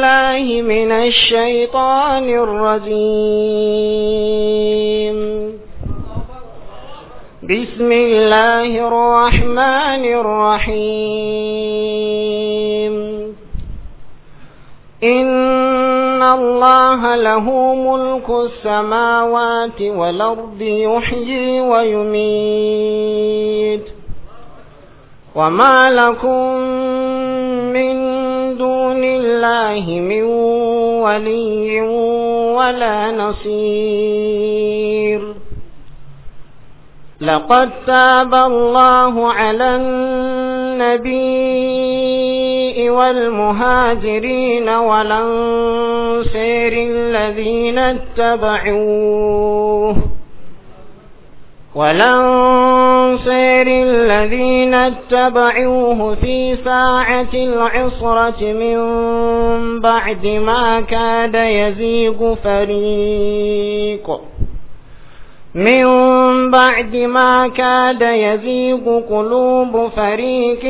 بالله من الشيطان الرجيم بسم الله الرحمن الرحيم إن الله له ملك السماوات والأرض يحيي ويميت وما لكم الله من ولي ولا نصير لقد تاب الله على النبي والمهاجرين والأنصير الذين اتبعوه ولن أنصير الذين اتبعوه في ساعة العصرة من بعد ما كاد يزيغ فريق من بعد ما كاد يزيغ قلوب فريق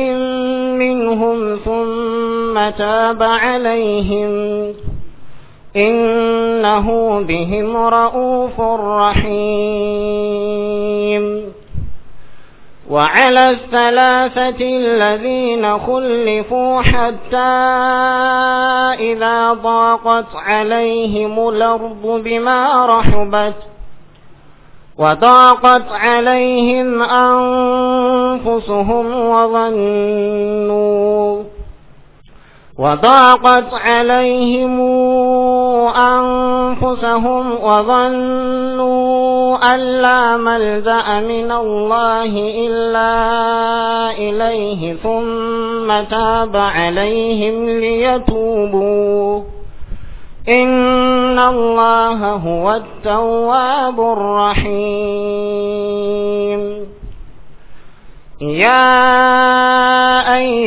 منهم ثم تاب عليهم إنه بهم رؤوف رحيم وعلى الثلاثة الذين خلفوا حتى إذا ضاقت عليهم الأرض بما رحبت وضاقت عليهم أنفسهم وظنوا وضاقت عليهم أنفسهم وظنوا أن لا ملجأ من الله إلا إليه ثم تاب عليهم ليتوبوا إن الله هو التواب الرحيم يا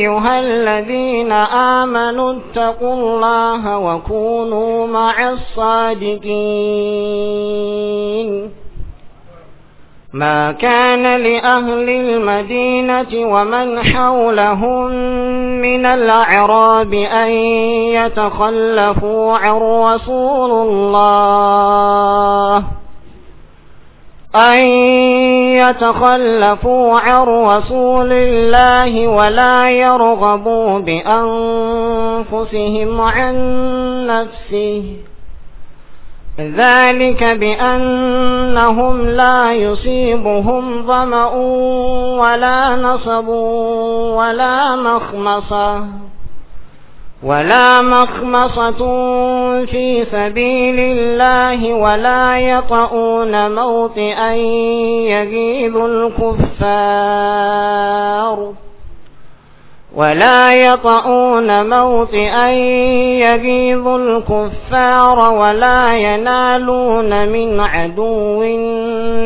أيها الذين آمنوا اتقوا الله وكونوا مع الصادقين ما كان لأهل المدينة ومن حولهم من الأعراب أن يتخلفوا عن رسول الله أن يتخلفوا عن رسول الله ولا يرغبوا بأنفسهم عن نفسه ذلك بأنهم لا يصيبهم ظمأ ولا نصب ولا مخمصة ولا مخمصة في سبيل الله ولا يطؤون موطئا يغيب الكفار ولا يطؤون موطئا يغيظ الكفار ولا ينالون من عدو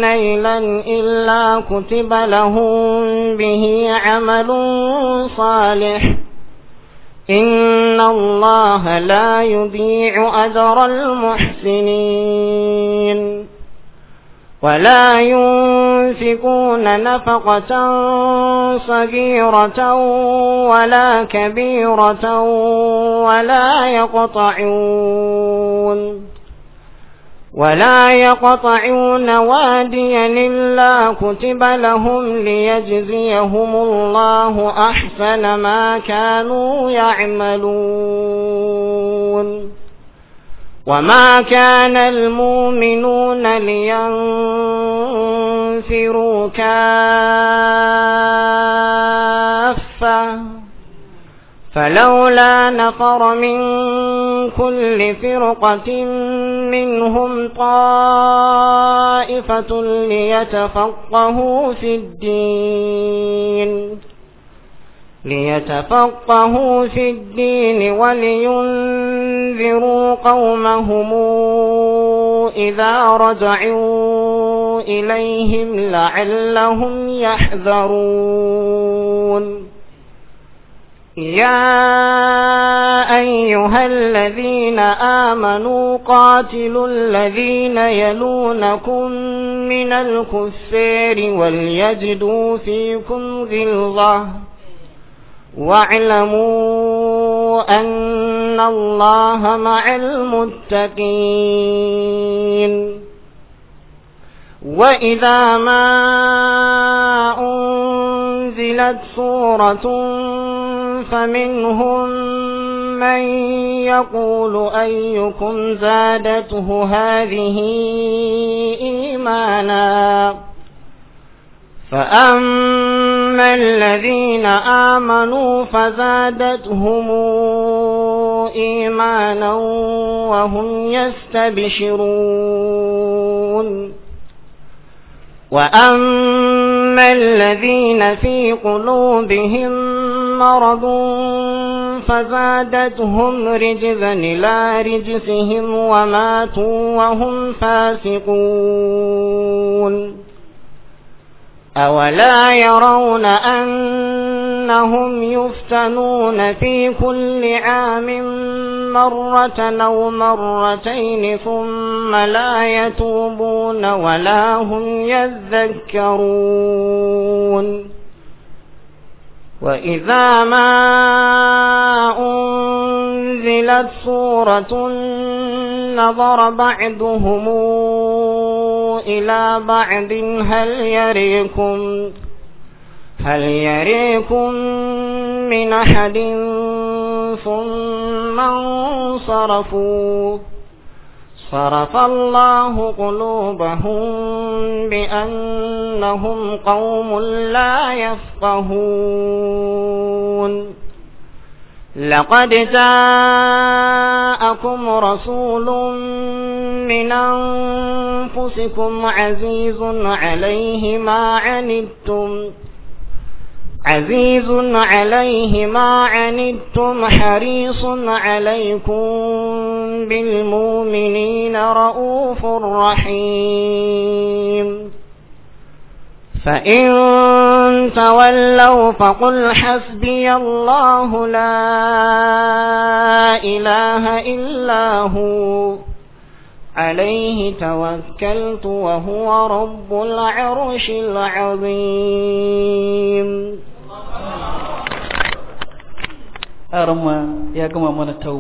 نيلا إلا كتب لهم به عمل صالح إن الله لا يضيع أجر المحسنين ولا ينفقون نفقة صغيرة ولا كبيرة ولا يقطعون ولا يقطعون واديا إلا كتب لهم ليجزيهم الله أحسن ما كانوا يعملون وما كان المؤمنون لينفروا كافة فلولا نفر من كل فرقة منهم طائفة ليتفقهوا في الدين ليتفقهوا في الدين ولينذروا قومهم إذا رجعوا إليهم لعلهم يحذرون يا أيها الذين آمنوا قاتلوا الذين يلونكم من الكفار وليجدوا فيكم غلظة واعلموا أن الله مع المتقين وإذا ما أنزلت سورة فمنهم من يقول أيكم زادته هذه إيمانا فأما الذين آمنوا فزادتهم إيمانا وهم يستبشرون وأما أما الذين في قلوبهم مرض فزادتهم رجزا إلى رجسهم وماتوا وهم فاسقون أولا يرون أنهم يفتنون في كل عام مرة أو مرتين ثم لا يتوبون ولا هم يذكرون وإذا ما أنزلت سورة نظر بعضهم إلى بعد هل يريكم هل يريكم من أحد ثم انصرفوا صرف الله قلوبهم بأنهم قوم لا يفقهون لقد جاءكم رسول من أنفسكم عزيز عليه ما عنتم عزيز عليه ما عنتم حريص عليكم بالمؤمنين رؤوف رحيم فإن تولوا فقل حسبي الله لا إله إلا هو عليه توكلت وهو رب العرش العظيم أرمى يا التوبة